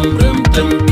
rëm rëm tëm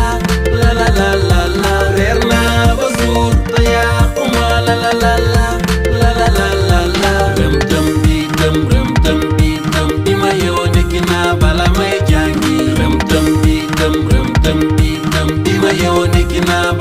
ما